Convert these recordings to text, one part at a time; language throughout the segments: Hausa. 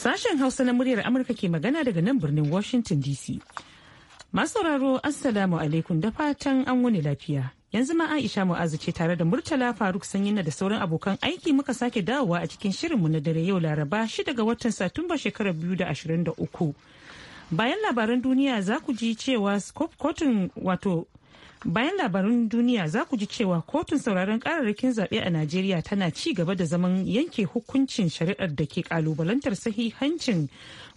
Sashen Hausa na muryar Amurka ke magana daga nan birnin Washington DC. Masauraro Assalamu alaikum da fatan an wani lafiya. Yanzu ma Aisha Mu'azu ce tare da Murtala Faruk na da sauran abokan aiki muka sake dawowa a cikin shirinmu na dare yau Laraba shi daga watan Satumba shekarar biyu da ashirin da uku. Bayan labaran duniya za ku ji cewa kotun wato Bayan labarin duniya za ku ji cewa kotun sauraron kararrakin zaɓe a Najeriya tana ci gaba da zaman yanke hukuncin shari'ar da ke kalubalantar sahihancin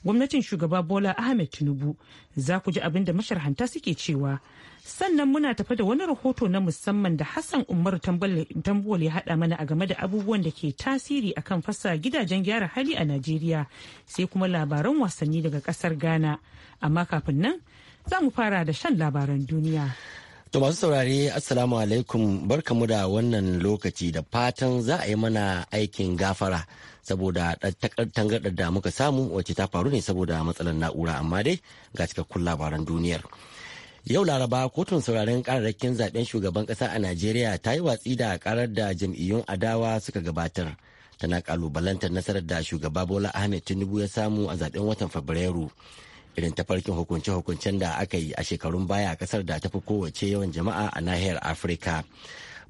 gwamnatin shugaba Bola Ahmed Tinubu. Za ku ji abin da masharhanta suke cewa. Sannan muna tafa da wani rahoto na musamman da Hassan Umar Tambol ya haɗa mana a game da abubuwan da ke tasiri akan fasa gidajen gyara hali a Najeriya sai kuma labaran wasanni daga ƙasar Ghana. Amma kafin nan za mu fara da shan labaran duniya. To masu saurare Assalamu alaikum barkamu da wannan lokaci da fatan za a yi mana aikin gafara saboda tangardar da muka samu wacce ta faru ne saboda matsalar na'ura amma dai ga cikakkun labaran duniyar. Yau Laraba kotun sauraren kararrakin zaben shugaban kasa a Najeriya ta yi watsi da karar da jam'iyyun adawa suka gabatar. Tana kalubalantar nasarar da shugaba Bola Ahmed Tinubu ya samu a zaben watan Fabrairu. irin tafarkin hukunce-hukuncen da aka yi a shekarun baya a kasar da ta fi kowace yawan jama'a a nahiyar afirka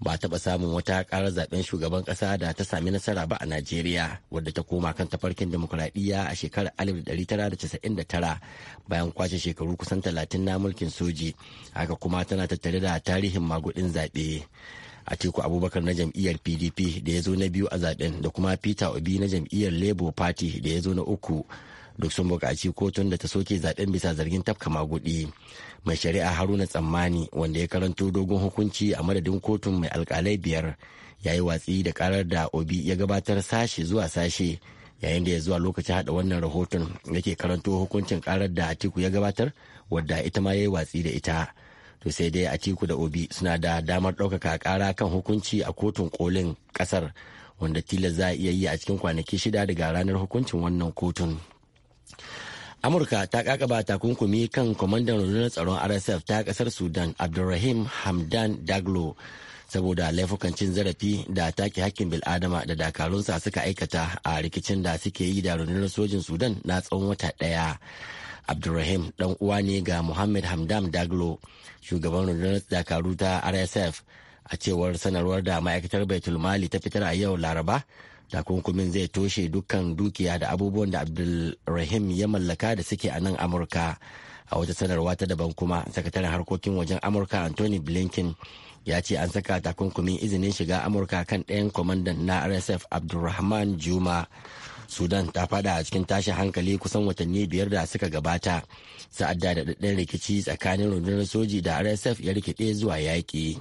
ba taɓa samun wata ƙarar zaben shugaban ƙasa da ta sami nasara ba a najeriya wadda ta koma kan tafarkin demokuraɗiyya a shekarar 1999 bayan kwashe shekaru kusan 30 na mulkin soji haka kuma tana tattare da tarihin magudin zaɓe a teku abubakar na jam'iyyar pdp da ya zo na biyu a zaɓen da kuma peter obi na jam'iyyar labour party da ya zo na uku duk sun buƙaci kotun da ta soke zaben bisa zargin tafka magudi mai shari'a haruna tsammani wanda ya karanto dogon hukunci a madadin kotun mai alkalai biyar ya yi watsi da karar da obi ya gabatar sashe zuwa sashe yayin da ya zuwa lokacin hada wannan rahoton yake karanto hukuncin karar da atiku ya gabatar wadda ita ma ya yi watsi da ita to sai dai atiku da obi suna da damar ɗaukaka kara kan hukunci a kotun kolin ƙasar wanda tilas za a iya yi a cikin kwanaki shida daga ranar hukuncin wannan kotun. amurka ta kakaba takunkumi kan kwamandan rundunar tsaron rsf ta kasar sudan abdulrahim hamdan daglo saboda laifukan cin zarafi da take hakkin bil'adama da dakarunsa suka aikata a rikicin da suke yi da rundunar sojin sudan na tsawon wata ɗaya abdulrahim dan uwa ne ga muhammad Hamdan daglo shugaban rundunar dakaru ta rsf a cewar sanarwar da ma'aikatar baitulmali ta fitar a yau laraba takunkumin zai toshe dukkan dukiya da abubuwan da abdulrahim ya mallaka da suke a nan amurka a wata sanarwa ta daban kuma sakataren harkokin wajen amurka anthony blinken ya ce an saka takunkumin izinin shiga amurka kan ɗayan kwamandan na rsf abdulrahman juma sudan ta fada a cikin tashin hankali kusan watanni biyar da suka gabata sa'adda da rikici tsakanin rundunar soji da rsf ya rikide zuwa yaƙi.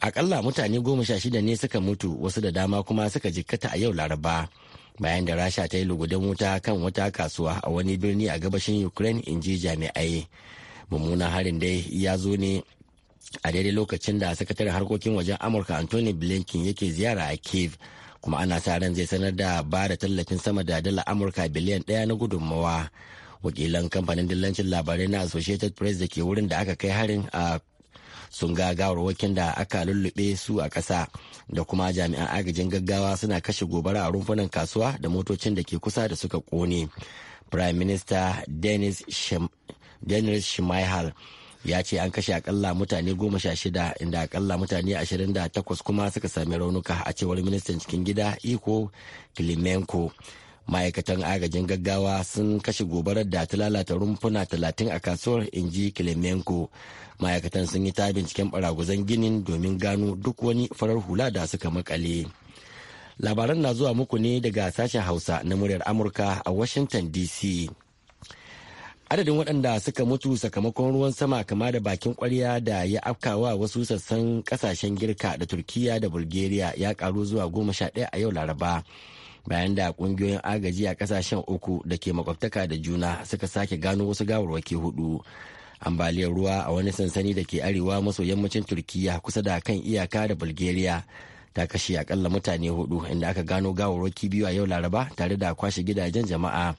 akalla mutane goma sha shida ne suka mutu wasu da dama kuma suka jikkata a yau laraba bayan da rasha ta yi lugudan wuta kan wata kasuwa a wani birni a gabashin ukraine in ji jami'ai mummunan harin dai ya zo ne a daidai lokacin da sakataren harkokin wajen amurka anthony blinken yake ziyara a kiev kuma ana sa ran zai sanar da ba da tallafin sama da dala amurka biliyan daya na gudunmawa wakilan kamfanin dillancin labarai na associated press da ke wurin da aka kai harin a sun ga gawarwakin da aka lullube su a ƙasa da kuma jami'an agajin gaggawa suna kashe gobara a rumfunan kasuwa da motocin da ke kusa da suka kone prime minister dennis, dennis shimaihal ya ce an kashe akalla mutane goma sha shida inda akalla mutane ashirin da takwas kuma suka sami raunuka a cewar ministan cikin gida iko klimenko ma'aikatan agajin gaggawa sun kashe gobarar da ta lalata rumfuna talatin a kasuwar inji kilimenko ma'aikatan sun yi ta binciken baraguzan ginin domin gano duk wani farar hula da suka makale labaran na zuwa muku ne daga sashen hausa na muryar amurka a washington dc adadin waɗanda suka mutu sakamakon ruwan sama kama da bakin kwarya da ya afkawa wasu sassan kasashen girka da turkiya da bulgaria ya karu zuwa goma sha ɗaya a yau laraba bayan da kungiyoyin agaji a kasashen uku da ke makwabtaka da juna suka sake gano wasu gawarwaki hudu ambaliyar ruwa a wani sansani da ke arewa maso yammacin turkiya kusa da kan iyaka da bulgaria ta kashe akalla mutane hudu inda aka gano gawarwaki biyu a yau laraba tare da kwashe gidajen jama'a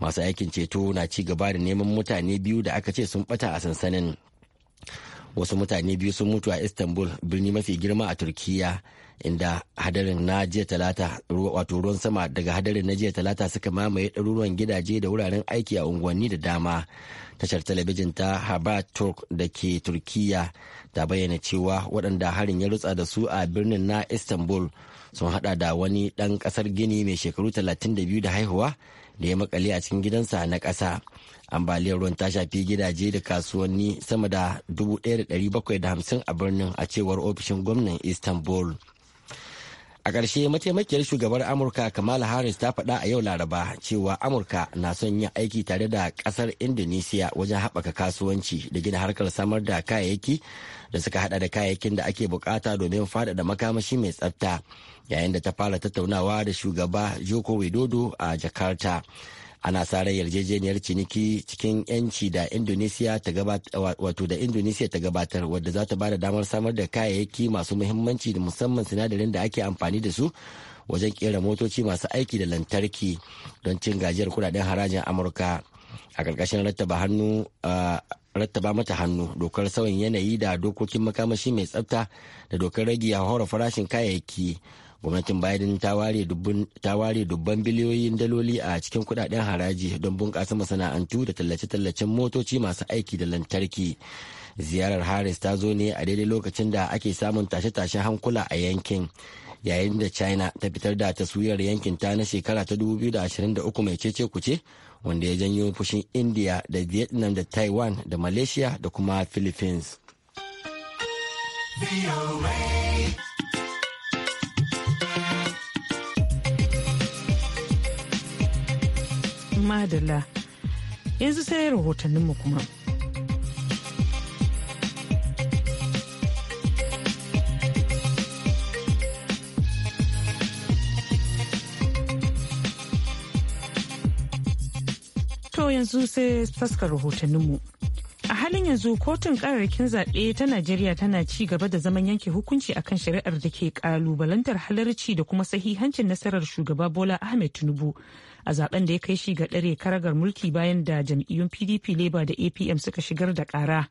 masu aikin ceto na ci gaba da neman mutane biyu da aka ce sun bata a sansanin wasu mutane biyu sun mutu a istanbul birni mafi girma a turkiya inda hadarin na jiya talata wato ruwan sama daga hadarin na jiya talata suka mamaye ɗaruruwan gidaje da wuraren aiki a unguwanni da dama tashar talabijin ta habar turk da ke turkiya ta bayyana cewa waɗanda harin ya rutsa da su a birnin na istanbul sun hada da wani ɗan ƙasar gini mai shekaru 32 da haihuwa da ya makale a cikin gidansa na ƙasa ambaliyar ruwan ta shafi gidaje da kasuwanni sama da 1,750 a birnin a cewar ofishin gwamnan istanbul a ƙarshe mataimakiyar shugabar amurka kamala harris ta faɗa a yau laraba cewa amurka na son yin aiki tare da ƙasar indonesia wajen haɓaka kasuwanci da gina harkar samar da kayayyaki da suka haɗa da kayayyakin da ake bukata domin faɗaɗa makamashi mai tsafta yayin da ta fara tattaunawa da shugaba joko widodo a jakarta ana sa ran yarjejeniyar ciniki cikin yanci da indonesia ta wato da indonesia ta gabatar wadda za ta ba damar samar da kayayyaki masu muhimmanci da musamman sinadarin da ake amfani da su wajen kera motoci masu aiki da lantarki don cin gajiyar kudaden harajin amurka a ƙarƙashin rattaba hannu rattaba mata hannu dokar sauyin yanayi da dokokin makamashi mai tsabta da dokar rage hauhawar farashin kayayyaki gwamnatin biden ta ware dubban biliyoyin daloli a cikin kudaden haraji don bunkasa masana'antu da tallace-tallacen motoci masu aiki da lantarki ziyarar harris ta zo ne a daidai lokacin da ake samun tashe-tashen hankula a yankin yayin da china ta fitar da taswirar yankin ta na shekara ta 2023 mai cece kuce wanda ya janyo fushin india da vietnam da taiwan da malaysia da kuma philippines. madalla yanzu sai rahotanninmu kuma to yanzu sai fuskar rahotanninmu halin yanzu kotun kararrakin zaɓe ta najeriya tana ci gaba da zaman yanke hukunci akan shari'ar da ke kalubalantar halarci da kuma sahihancin nasarar shugaba bola ahmed tinubu a zaben da ya kai shi ga ɗare karagar mulki bayan da jam'iyyun pdp labour da apm suka shigar da ƙara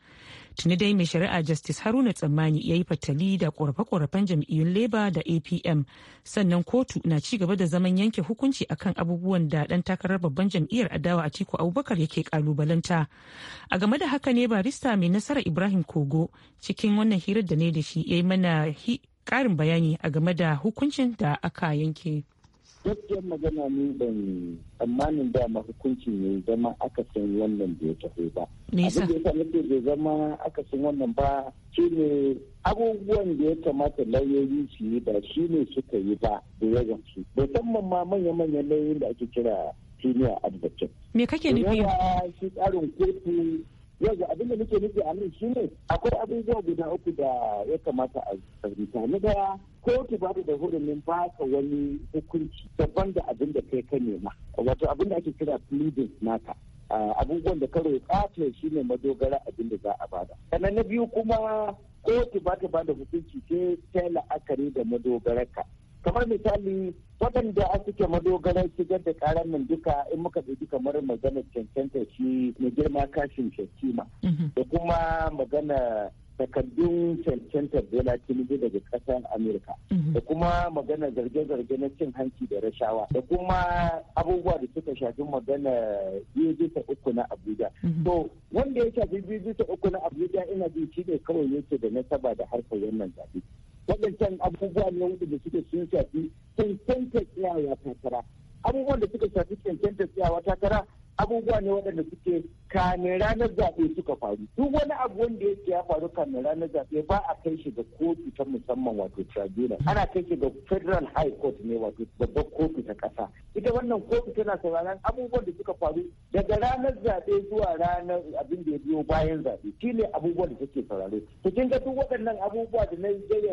tuni dai mai shari'a justice haruna tsammani ya yi fatali da korafe-korafen jam'iyyun leba da apm sannan kotu na ci gaba da zaman yanke hukunci akan abubuwan da dan takarar babban jam'iyyar adawa a tiku abubakar yake kalubalanta a game da haka ne barista mai nasara ibrahim kogo cikin wannan hirar da ne da shi ya yi mana karin bayani a game da hukuncin da aka yanke. dukkan magana ne ban tsammanin dama hukuncin ne zama akasin wannan da ya taho ba abin da ya sa bai zama akasin wannan ba ne abubuwan da ya kamata lauyoyi su yi ba ne suka yi ba da yawan su musamman ma manya-manyan lauyoyin da ake kira senior advocate me kake nufi shi tsarin kotu yau abin da muke nufi a nan shine akwai abubuwa guda uku da ya kamata a fahimta na daya kotu ba da hurumin ba ka wani hukunci daban da abin da kai ka nema wato abin da ake kira pleading naka abubuwan da ka roƙa ta shine madogara abin da za a bada sannan na biyu kuma kotu ba ta ba da hukunci ce ta la'akari da madogararka kamar misali waɗanda a suke madogarar shigar da ƙarar nan duka in muka ɗauki kamar magana cancanta shi mai girma kashin shakima mhm. da kuma magana takardun cancantar dola tinubu daga ƙasar amurka mhm. da kuma magana zarge-zarge na cin hanci da rashawa da kuma abubuwa da suka shafi magana biyu ta uku na abuja mhm. to wanda ya shafi biyu ta uku na abuja ina jin shi ne kawai yake da nasaba da harkar wannan zabe waɗancan abubuwa ne wanda da suke sun shafi cancanta tsayawa takara abubuwan da suka shafi cancanta tsayawa takara abubuwa ne waɗanda suke kamin ranar zaɓe suka faru duk wani abu wanda yake ya faru kamin ranar zaɓe ba a kai shi ga kotu ta musamman wato tribunal ana kai shi ga federal high court ne wato babbar kotu ta ƙasa ita wannan kotu tana sauraron abubuwan da suka faru daga ranar zaɓe zuwa ranar abin da ya biyo bayan zaɓe shi ne abubuwan da suke sauraro to kin ga duk waɗannan abubuwa da na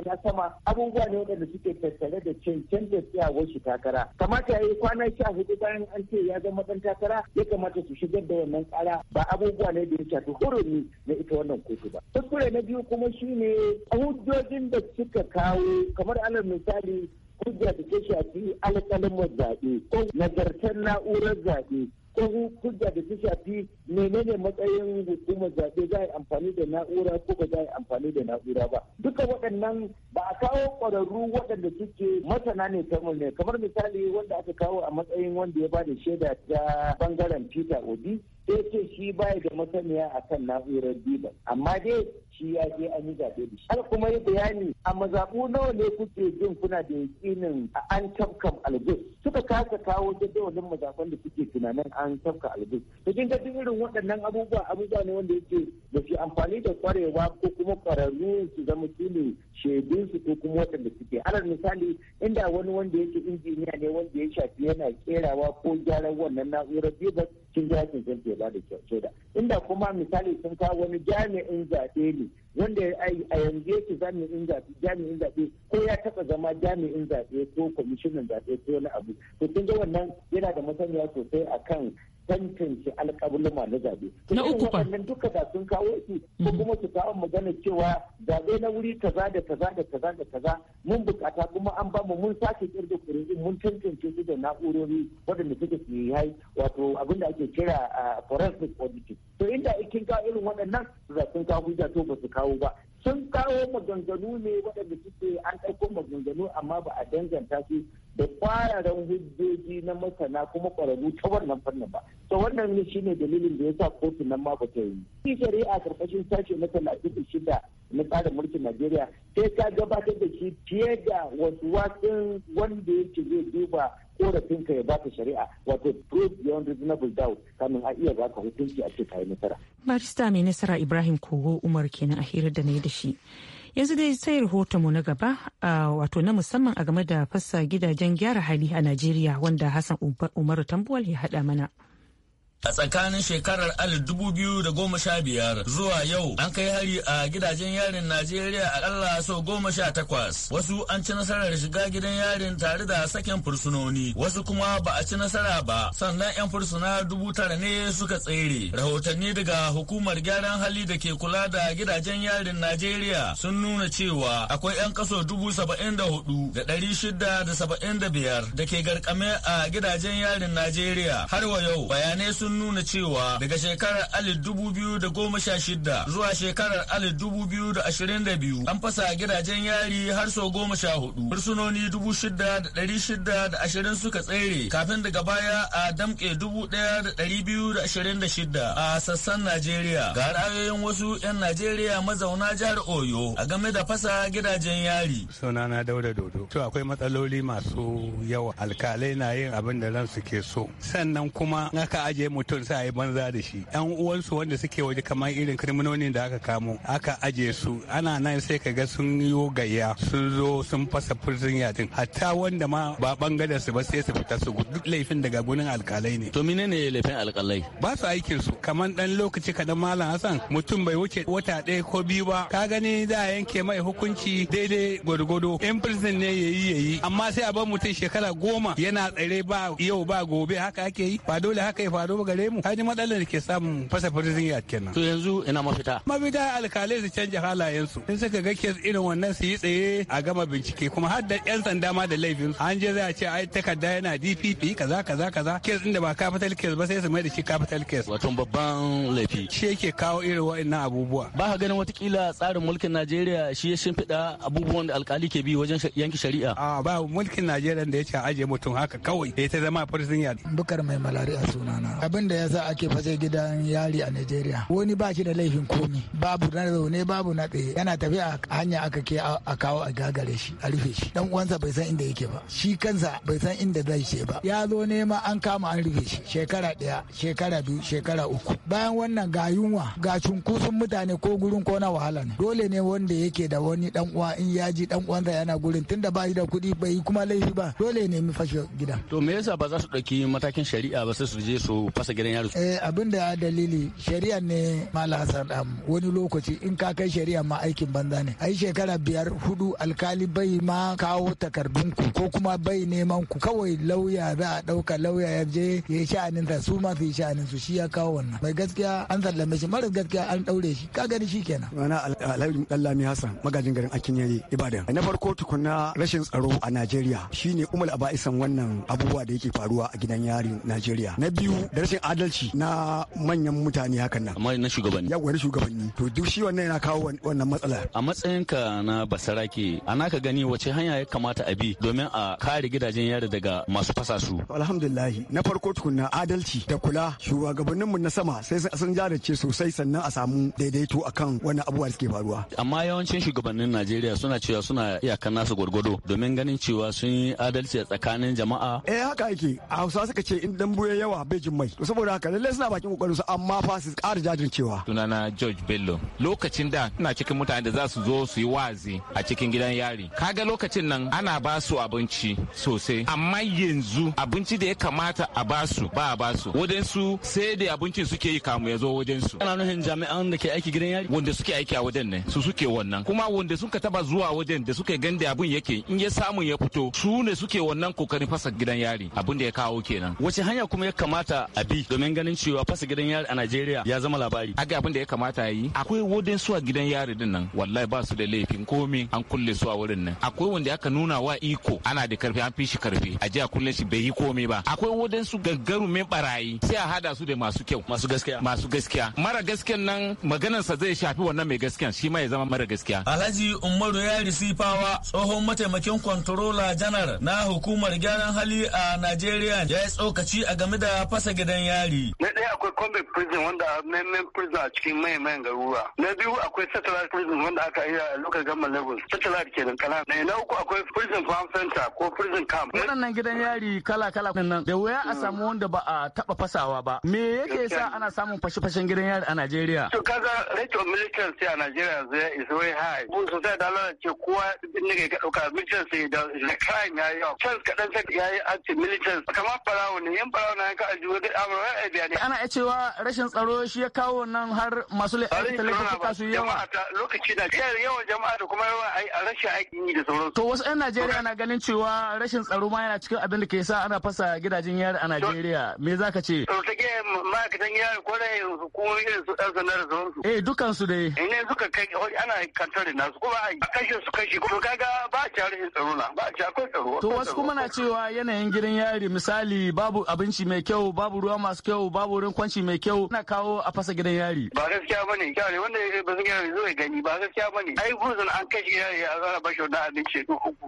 na sama abubuwa ne waɗanda suke tattare da cancanta tsayawar shi takara kamata ya yi kwana sha hudu bayan an ce ya zama ɗan takara kamata su shigar da wannan tsara ba abubuwa ne da ya shafi hurumi na ita wannan kotu ba kuskure na biyu kuma shine hujjojin da suka kawo kamar alal misali hujja da ta shafi alƙalin zaɓe ko nagartar na'urar zaɓe ko hujja da ta shafi menene matsayin hukumar zaɓe za a yi amfani da na'ura ko ba za a amfani da na'ura ba duka waɗannan ba a kawo ƙwararru waɗanda suke masana ne kamar ne kamar misali wanda aka kawo a matsayin wanda ya ba bada shaida ta bangaren peter obi sai ce shi baya da masaniya a kan na'urar diba amma dai shi ya je an yi zaɓe da shi. Har kuma yi bayani a mazaɓu nawa ne kuke jin kuna da yakinin a an tafkan algus kawo daidai wajen matakan da suke tunanin an tafka albi to kin irin waɗannan abubuwa abubuwa ne wanda yake da su amfani da kwarewa ko kuma kwararru su zama su ne shaidun su ko kuma waɗanda suke alal misali inda wani wanda yake injiniya ne wanda ya shafi yana kerawa ko gyaran wannan na'urar bibas shi zaɓin zan ke ba da kyau da inda kuma misali sun kawo wani jami'in zaɓe ne wanda a yanzu yake jami'in zaɓe jami'in zaɓe ko ya taɓa zama jami'in zaɓe ko kwamishinan zaɓe ko wani abu to kun ga wannan yana da masaniya sosai akan tantance alƙabluma na zabe. Na uku kwan. Wannan duka da sun kawo su ko mhm. kuma su kawo magana cewa zabe na wuri kaza da kaza da kaza da kaza mun bukata kuma an ba mu mun sake kirga kuri'in mun tantance su da na'urori waɗanda suka su yi wato abin da ake kira forensic auditing. To inda kin kawo irin waɗannan za sun kawo hujja to ba su kawo ba. Sun kawo maganganu ne waɗanda suke maganganu amma ba a danganta su da kwararan hujjoji na masana kuma kwararru ta wannan fannin ba to wannan ne shine dalilin da yasa kotu nan ma ba ta yi shi shari'a karkashin sashe na talatin da shida na tsarin mulkin najeriya sai ka gabatar da shi fiye da wasu wasan wanda yake zai duba korafin ka ya ta shari'a wato proof beyond reasonable doubt kamin a iya baka hukunci a ce ka yi nasara barista mai nasara ibrahim kogo umar kenan a hirar da na yi da shi yanzu dai sai mu na gaba wato na musamman a game da fassa gidajen gyara hali a najeriya wanda hassan umaru tambuwal ya haɗa mana A tsakanin shekarar 2015 zuwa yau an kai hari a gidajen yarin Najeriya akalla sau goma sha takwas. Wasu an ci nasarar shiga gidan yarin tare da sakin fursunoni, wasu kuma ba a ci nasara ba. Sannan 'yan fursuna dubu tara ne suka tsere. Rahotanni daga hukumar gyaran hali da ke kula da gidajen yarin Najeriya sun nuna cewa akwai 'yan kaso dubu saba'in da hudu da ɗari shida da saba'in da biyar da ke garkame a gidajen yarin Najeriya. Har wa yau bayanai sun nuna cewa daga shekarar 2016 zuwa shekarar 2022 an fasa gidajen yari har sau goma sha hudu. Fursunoni dubu shida da dari shida da ashirin suka tsere kafin daga baya a damƙe dubu ɗaya da dari biyu da ashirin da shida a sassan Najeriya. Ga ra'ayoyin wasu 'yan Najeriya mazauna jihar Oyo a game da fasa gidajen yari. Sunana daura Dodo. To akwai matsaloli masu yawa. Alkalai na yin abin da ransu ke so. Sannan kuma aka ajiye mutum sa yi banza da shi yan uwansu wanda suke waje kamar irin kriminonin da aka kamo aka aje su ana nan sai ka ga sun yi gayya sun zo sun fasa prison yatin. hatta wanda ma ba bangaren su ba sai su fita su duk laifin daga gunin alkalai ne to menene laifin alkalai ba su aikin su kamar dan lokaci kadan malam hasan mutum bai wuce wata ɗaya ko biyu ba ka gani za yanke mai hukunci daidai gwargwado in prison ne yayi yayi amma sai a bar mutum shekara goma yana tsare ba yau ba gobe haka ake yi ba dole haka ya faru ba gare mu hanyar matsalar da ke samun fasa prison yard kenan to yanzu ina mafita mafita alkalai su canja halayensu in suka ga kes irin wannan su yi tsaye a gama bincike kuma har da yan sanda ma da laifin an je za a ce ai takarda yana DPP kaza kaza kaza kes din da ba capital kes ba sai su mai da shi capital kes wato babban laifi shi yake kawo irin wa'annan abubuwa ba ka ganin watakila tsarin mulkin Najeriya shi ya shimfiɗa abubuwan da alkali ke bi wajen yanke shari'a a ba mulkin Najeriya da ya ce aje mutum haka kawai ya ta zama prison yard bukar mai malaria sunana abin da ya sa ake fasa gidan yari a Najeriya wani ba shi da laifin komi babu na zaune babu na tsaye yana tafiya a hanya aka ke a kawo a gagare shi a rufe shi dan uwansa bai san inda yake ba shi kansa bai san inda zai ce ba ya zo nema an kama an rufe shi shekara ɗaya shekara biyu shekara uku bayan wannan ga yunwa ga cunkusun mutane ko gurin ko na wahala ne dole ne wanda yake da wani dan uwa in ya ji dan uwansa yana gurin tunda ba shi da kuɗi bai yi kuma laifi ba dole ne mu fashe gidan to me yasa ba za su ɗauki matakin shari'a ba sai su je su masa gidan yaro eh abin da dalili shari'a ne ma hasan wani lokaci in ka kai shari'a ma aikin banza ne ai shekara biyar hudu alkali bai ma kawo takardun ku ko kuma bai neman ku kawai lauya za a dauka lauya ya je ya yi sha'aninsa su ma su yi su shi ya kawo wannan mai gaskiya an sallame shi mara gaskiya an daure shi ka gani shi kenan mana alhaji dallami hassan magajin garin akinyere ibadan na farko tukunna rashin tsaro a najeriya shine umar aba'isan wannan abubuwa da yake faruwa a gidan yari najeriya na biyu da rashin rashin adalci na manyan mutane hakan nan amma na shugabanni yawa na shugabanni to duk shi wannan yana kawo wannan matsala a matsayin ka na basarake ana ka gani wace hanya ya kamata a bi domin a kare gidajen yari daga masu fasa su alhamdulillah na farko tukunna adalci da kula shugabanninmu na sama sai sun jarace sosai sannan a samu daidaito akan wannan abubuwa da suke faruwa amma yawancin shugabannin najeriya suna cewa suna ya nasu gwargwado domin ganin cewa sun yi adalci a tsakanin jama'a eh haka yake a hausa suka ce in dambu yawa bai jin mai saboda haka lallai suna bakin kokarin su amma fa su ƙara jajircewa sunana George Bello lokacin da ina cikin mutane da za su zo su yi wazi a cikin gidan yari kaga lokacin nan ana ba su abinci sosai amma yanzu abinci da ya kamata a ba su ba a ba su su sai da abincin suke yi kamu ya zo wajen su ana nufin jami'an da ke aiki gidan yari wanda suke aiki a wajen ne su suke wannan kuma wanda suka taba zuwa wajen da suka gan da abin yake in ya samu ya fito su ne suke wannan kokarin fasa gidan yari abin da ya kawo kenan wace hanya kuma ya kamata a bi ƙarfi domin ganin cewa fasa gidan yari a Najeriya ya zama labari. Aga abin da ya kamata yi akwai wodin su gidan yari din nan wallahi ba su da laifin komi an kulle su a wurin nan. Akwai wanda aka nuna wa iko ana da karfi an fi shi karfi a jiya kulle shi bai yi komi ba. Akwai wodin su gaggarumin barayi sai a hada su da masu kyau. Masu gaskiya. Masu gaskiya. Mara gaskiyan nan maganarsa zai shafi wannan mai gaskiyan shi ma ya zama mara gaskiya. Alhaji Umaru ya risifawa tsohon mataimakin kwantarola janar na hukumar gyaran hali a Najeriya ya yi tsokaci a game da fasa gidan yari. Na ɗaya akwai convict prison wanda main prison a cikin mayan mayan garuruwa. Na biyu akwai satellite prison wanda aka yi a local government level. Satellite nan kala. Eh, na uku akwai prison farm center ko prison camp. Waɗannan gidan yari kala kala nan da wuya a samu hmm. wanda ba a taɓa fasawa ba. Me yake sa ana samun fashe-fashen gidan yari a Najeriya? To kaga rate of militancy a Najeriya zai is very high. Bu sosai da lalace kowa ne ka ɗauka militancy da crime ya yi yawa. Chance kaɗan ya yi anti militancy. Kamar Farawo ne yan Farawo na yanka a juwa da Ana iya cewa rashin tsaro shi ya kawo nan har masu laifuka su yawa. Lokaci da yawan jama'a da kuma yawa rashin aikin yi da sauransu. To wasu 'yan Najeriya na ganin cewa rashin tsaro ma yana cikin abin da ke sa ana fasa gidajen yara a Najeriya. Me za ka ce? To ta ke ma'aikatan yara ko da hukumomi irin su ɗan sanar da sauransu. Eh dukansu dai. yanzu ka kai ana kantar da nasu kuma a kashe su kashe kuma kaga ba a ci rashin tsaro na ba a ci akwai tsaro. To wasu kuma na cewa yanayin gidan yari misali babu abinci mai kyau babu ruwa rayuwa masu kyau babu wurin kwanci mai kyau na kawo a fasa gidan yari ba gaskiya bane ne wanda ba su gyara zai gani ba gaskiya bane ai gudun an kashe yari a zara bashi wani abinci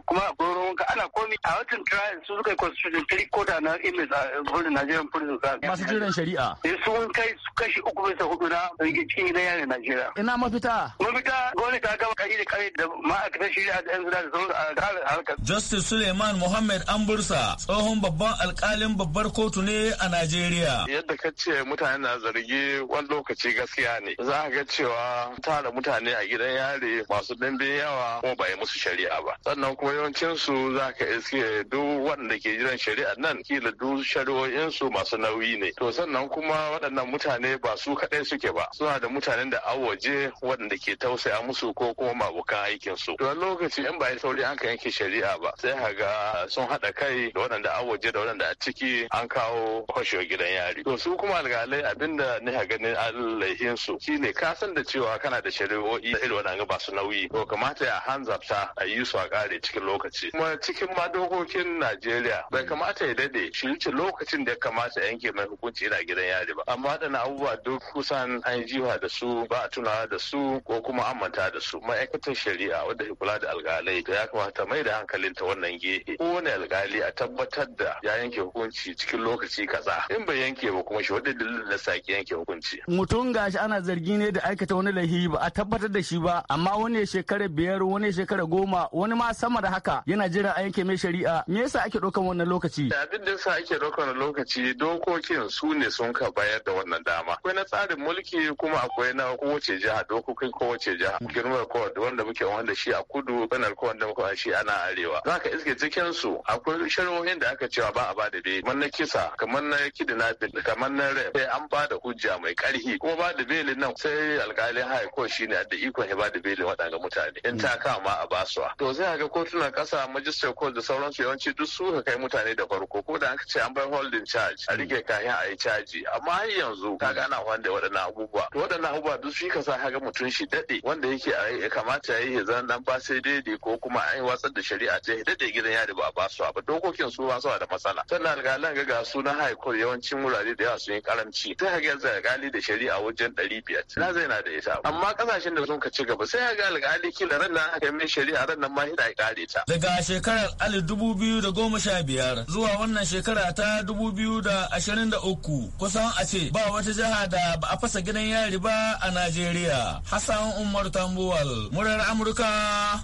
kuma a gurin wanka ana komi a watan trial su suka yi constitution three quarter na image a gurin Nigerian prison masu jiran shari'a eh, su sun kai su kashi uku bisa hudu na cikin gidan yari Nigeria. ina mafita mafita gwamnati ta gama kai da kare da ma'aikatan shari'a da yan zira da sauran a harkar Justice Suleiman Muhammad Ambursa tsohon babban alkalin babbar kotu ne a Najeriya Najeriya. Yadda ka ce mutane na zargi wani lokaci gaskiya ne. Za a ga cewa tara mutane a gidan yare masu ɗimbin yawa kuma ba yi musu shari'a ba. Sannan kuma yawancinsu za ka iske duk wanda ke jiran shari'a nan kila duk shari'o'insu masu nauyi ne. To sannan kuma waɗannan mutane ba su kaɗai suke ba. Suna da mutanen da awoje waje waɗanda ke tausaya musu ko kuma mabukan aikinsu. To lokaci in ba yi sauri an ka yanke shari'a ba sai ka ga sun haɗa kai da waɗanda awoje da waɗanda a ciki an kawo kwashewa gidan yari to su kuma alƙalai abinda ni ha ganin alaihin su shine ka san da cewa kana da shari'o'i da irin ga ba su nauyi to kamata ya hanzarta a yi su a ƙare cikin lokaci kuma cikin ma dokokin Najeriya bai kamata ya dade shi wuce lokacin da ya kamata yanke mai hukunci yana gidan yari ba amma na abubuwa duk kusan an yi da su ba a tunawa da su ko kuma an manta da su ma'aikatan shari'a wadda ke kula da alƙalai da ya kamata mai da hankalinta wannan gefe kowane alƙali a tabbatar da ya yanke hukunci cikin lokaci kaza in bai yanke ba kuma shi wadda dalilin na saki yanke hukunci. Mutum gashi ana zargi ne da aikata wani laifi ba a tabbatar da shi ba amma wani shekara biyar wani shekara goma wani ma sama da haka yana jira a yanke mai shari'a me yasa ake ɗaukan wannan lokaci. da Abin da yasa ake ɗaukan lokaci dokokin su ne sun ka bayar da wannan dama. Akwai na tsarin mulki kuma akwai na kowace jiha dokokin kowace jiha. Girmar kowar wanda muke wanda shi a kudu kanar kowar da muke shi ana arewa. Za ka iske cikinsu akwai shari'o'in da aka cewa ba a ba da bai. Kamar na kisa kamar na kidina kidnapping kamar nan rai sai an ba da hujja mai karhi kuma ba da belin nan sai alkalin high court shine da ikon ya ba da waɗanda mutane in ta kama a basuwa to sai ga kotunan kasa. magistrate court da sauransu yawanci duk su ka kai mutane da farko ko da aka ce an bar holding charge a rike kayan a yi caji amma har yanzu ka gana wanda waɗannan abubuwa to waɗannan abubuwa duk shi ka sa ga mutum shi Dade. wanda yake ya kamata ya yi ya zan nan ba sai daidai ko kuma an yi watsar da shari'a ta ya daɗe gidan yari ba a basuwa ba dokokin su ba da matsala sannan alkalin ga ga sunan high court yawanci cikin wurare da yawa sun yi karamci sai ga yanzu alkali da shari'a wajen ɗari biyar na zai na da ita amma kasashen da sun ka ci gaba sai ga alkali kila ran nan aka mai shari'a ran nan ma ya kare ta. daga shekarar alif dubu biyu da goma sha biyar zuwa wannan shekara ta dubu biyu da ashirin da uku kusan a ce ba wata jiha da ba a fasa gidan yari ba a najeriya hassan umar tambuwal murar amurka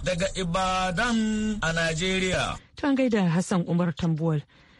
daga ibadan a najeriya. ta gaida hassan umar tambuwal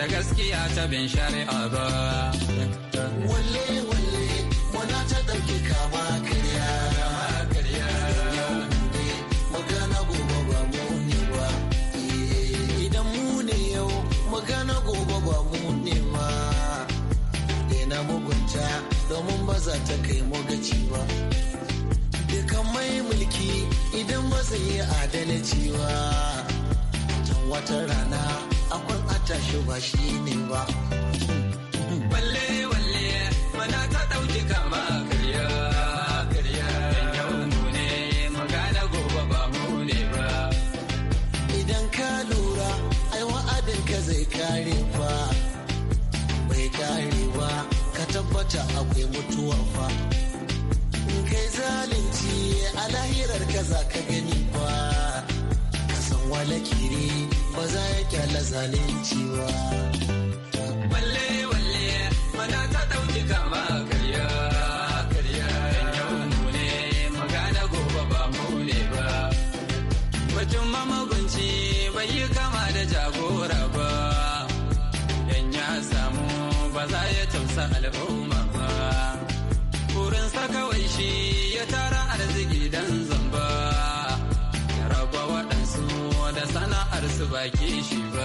da gaskiya ta bin shari'a ba. Walle walle wana ta ɗauki kama karya. Magana gobe ba mu mugunta domin ba za ta kai mu gaci mai mulki idan ba zai yi adalci ba. Can wata rana akwai ta shi ba shi ne ba. Walle walle mana ta ɗauki kama karya ne magana gobe ba mu ne ba. Idan ka lura ai wa'adin zai kare fa. Bai kare ba ka tabbata akwai mutuwa fa. zalunci ba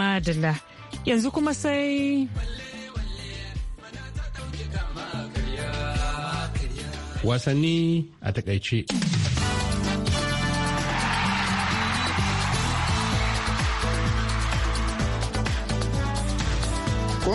madala yanzu kuma sai wasanni a takaice.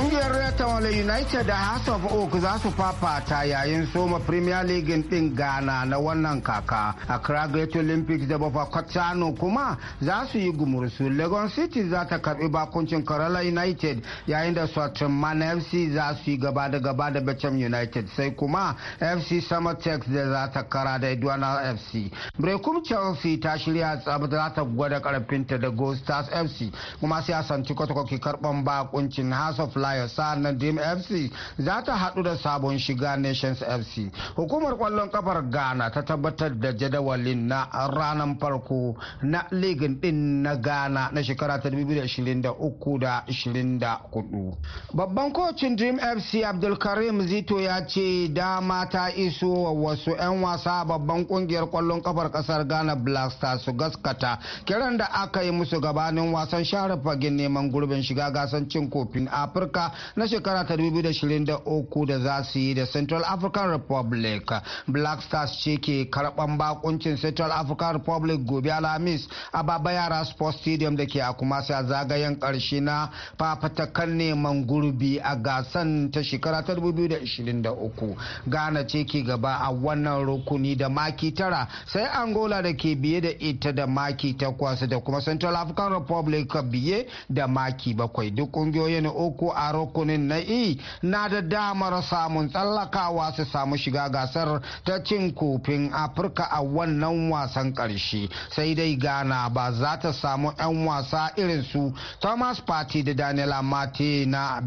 Kungiyar Tawale United da House of Oak za su fafata yayin soma Premier League din Ghana na wannan kaka. a Great Olympics da Kwatano kuma za su yi gumursu. Lagos City za ta karbi bakuncin Kerala United yayin da man FC za su yi gaba da gaba da Becham United sai kuma FC summer Tech da za ta kara da Edwana FC. Brekum Chelsea ta shirya tsab za ta gwada karfinta da Go Stars FC kuma sai a santi kwatakwaki bakuncin House of Lions sa'an nan dream fc za ta haɗu da sabon shiga nations fc hukumar kwallon kafar ghana ta tabbatar da jadawalin na ranar farko na ligin din na ghana na shekara ta 2023 da 24 babban kocin dream fc abdulkarim zito ya ce dama ta iso wa wasu 'yan wasa babban kungiyar kwallon kafar kasar ghana black star su gaskata kiran da aka yi musu gabanin wasan share fagen neman gurbin shiga gasar cin kofin afirka na shekara ta 2023 da za su yi da Central African Republic. Black Stars ce ke karban bakuncin Central African Republic gobe Alhamis a Baba Yara Sports Stadium da ke a Kumasi a zagayen karshe na fafatakan neman gurbi a gasan ta shekara ta 2023. Ghana ce ke gaba a wannan rukuni da maki tara sai Angola da ke biye da ita da maki takwas da kuma Central African Republic biye da maki bakwai duk ƙungiyoyin uku a rukunin na E na da damar samun tsallakawa su samu shiga gasar ta cin kofin Afirka a wannan wasan karshe Sai dai Ghana ba za ta samu 'yan wasa irin su Thomas party da Daniela Mate na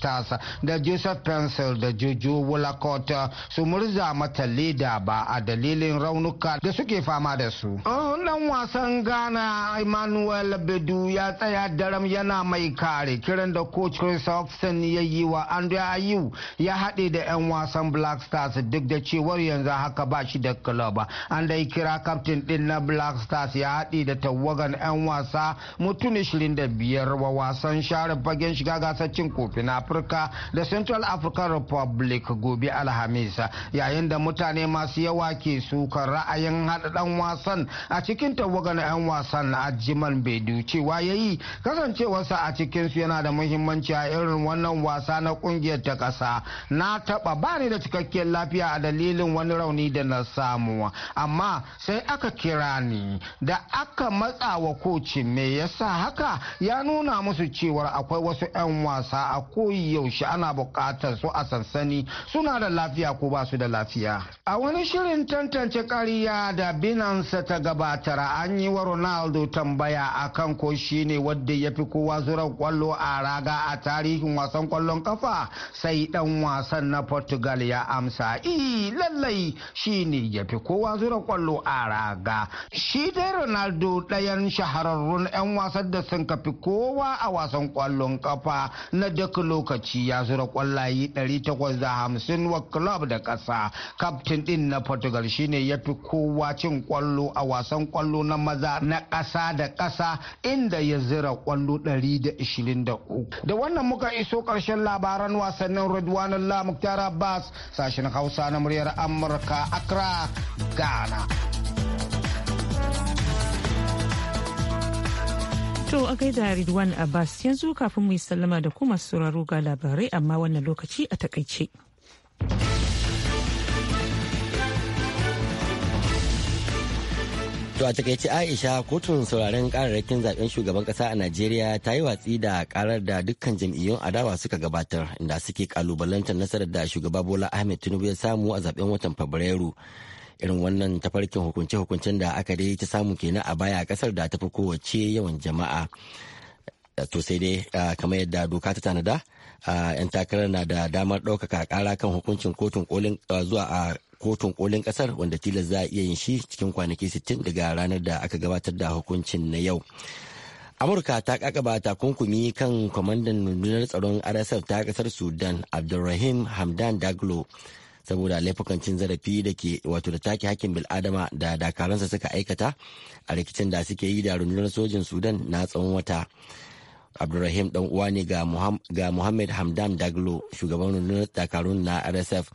tasa da Joseph Pencil da Jojo Wallacott su murza mata leda ba a dalilin raunuka da suke fama da su. Dan wasan Ghana Emmanuel Bedu ya tsaya daram yana mai kare kiran da coach Christoph hobson ya yi wa andre ayew ya haɗe da 'yan wasan black stars duk da cewar yanzu haka ba shi da club an dai kira kaftin din na black stars ya haɗe da tawagan 'yan wasa mutum 25 wa wasan share fagen shiga gasar cin kofin afirka da central african republic gobe alhamis yayin da mutane masu yawa ke sukar ra'ayin haɗaɗan wasan a cikin tawagan 'yan wasan ajiman bedu cewa ya yi kasancewarsa a cikinsu yana da muhimmanci a irin wannan wasa na kungiyar ta kasa na taba bani da cikakkiyar lafiya a dalilin wani rauni da na samu amma sai aka kira ni da aka matsa wa kocin me yasa haka ya nuna musu cewar akwai wasu 'yan wasa a koyi yaushe ana bukatar su a sansani suna da lafiya ko ba su da lafiya a wani shirin tantance kariya da binansa ta gabatar an yi wa ronaldo tambaya akan ko shine wadda ya fi kowa zura kwallo a raga a tarihin zakaran wasan kwallon kafa sai dan wasan na portugal ya amsa i lallai shi ne ya fi kowa zura kwallo a raga shi dai ronaldo ɗayan shahararrun 'yan wasan da sun kafi kowa a wasan kwallon kafa na duk lokaci ya zura kwallaye 850 wa club da ƙasa kaftin din na portugal shine ya fi kowa cin kwallo a wasan kwallo na maza na ƙasa da ƙasa inda ya zira kwallo 123 da wannan muka iso karshen labaran wasannin allah Muktar Abbas sashen Hausa na muryar Amurka Accra Ghana. To a gaida Ridwan Abbas yanzu kafin mu yi sallama da kuma sauraro ga labarai amma wannan lokaci a takaice. To a takaici Aisha kotun sauraren kararrakin zaben shugaban kasa a Najeriya ta yi watsi da karar da dukkan jam'iyyun adawa suka gabatar inda suke kalubalantar nasarar da shugaba Bola Ahmed Tinubu ya samu a zaben watan Fabrairu. Irin wannan tafarkin hukunce-hukuncen da aka dai ta samu kenan a baya kasar da ta fi kowace yawan jama'a. To sai dai ah, kamar yadda doka ta tanada. a 'yan takarar na da damar ɗaukaka ƙara kan hukuncin kotun kolin zuwa a kotun kolin ƙasar wanda tilas za a iya yin shi cikin kwanaki 60 daga ranar da aka gabatar da hukuncin na yau. amurka ta kakaba takunkumi kan kwamandan rundunar tsaron rsf ta kasar sudan abdulrahim hamdan daglo saboda laifukan cin zarafi da ke wato da take hakkin bil'adama da dakaransa suka aikata a rikicin da suke yi da rundunar sojin sudan na tsawon wata abdulrahim ɗan uwa ne ga muhammad hamdan daglo shugaban rundunar dakarun na rsf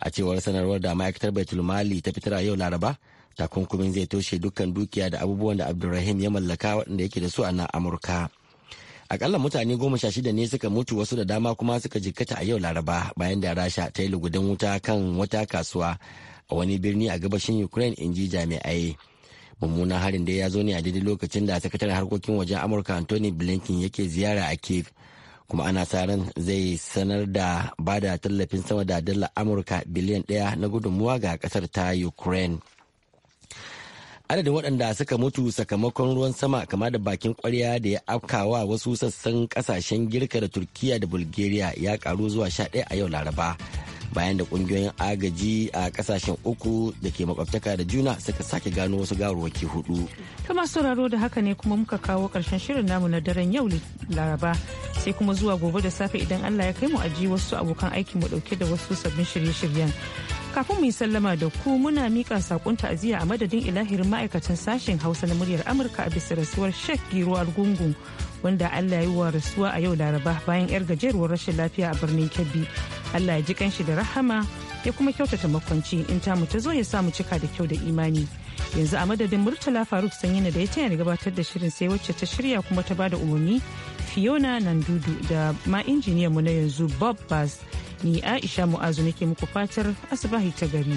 a cewar sanarwar da ma'aikatar baitul mali ta fitar a yau laraba takunkumin zai toshe dukkan dukiya da abubuwan da abdulrahim ya mallaka waɗanda yake da su a nan amurka akalla mutane goma sha shida ne suka mutu wasu da dama kuma suka jikkata a yau laraba bayan da rasha ta yi lugudan wuta kan wata kasuwa a wani birni a gabashin ukraine in ji jami'ai mummunan harin da ya zo ne a daidai lokacin da sakataren harkokin wajen amurka anthony blinken yake ziyara a kiev kuma ana sa ran zai sanar da ba da tallafin sama da dala amurka biliyan daya na gudunmuwa ga kasar ta ukraine adadin waɗanda suka mutu sakamakon ruwan sama kama da bakin kwarya da ya afkawa wasu sassan kasashen girka da turkiya da bulgaria ya karu zuwa sha a yau laraba bayan da kungiyoyin agaji a kasashen uku da ke makwabtaka da juna suka sake gano wasu gawarwaki hudu. ta sauraro da haka ne kuma muka kawo karshen shirin namu na daren yau laraba sai kuma zuwa gobe da safe idan allah ya kai mu aji wasu abokan aikin mu dauke da wasu sabbin shirye-shiryen kafin mu yi sallama da ku muna mika sakon ta'aziyya a madadin ilahirin ma'aikatan sashen hausa na muryar amurka a bisa rasuwar shek giruwar gungun wanda allah ya yi wa rasuwa a yau laraba bayan yar gajeruwar rashin lafiya a birnin kebbi allah ya ji kanshi da rahama ya kuma kyautata makwanci in ta mu ta zo ya sa mu cika da kyau da imani yanzu a madadin murtala faruk sanyina da ya tanya da gabatar da shirin sai wacce ta shirya kuma ta bada umarni fiona nandudu da ma injiniyan mu na yanzu bob bass ni aisha mu'azu nake muku fatar asibahi ta gari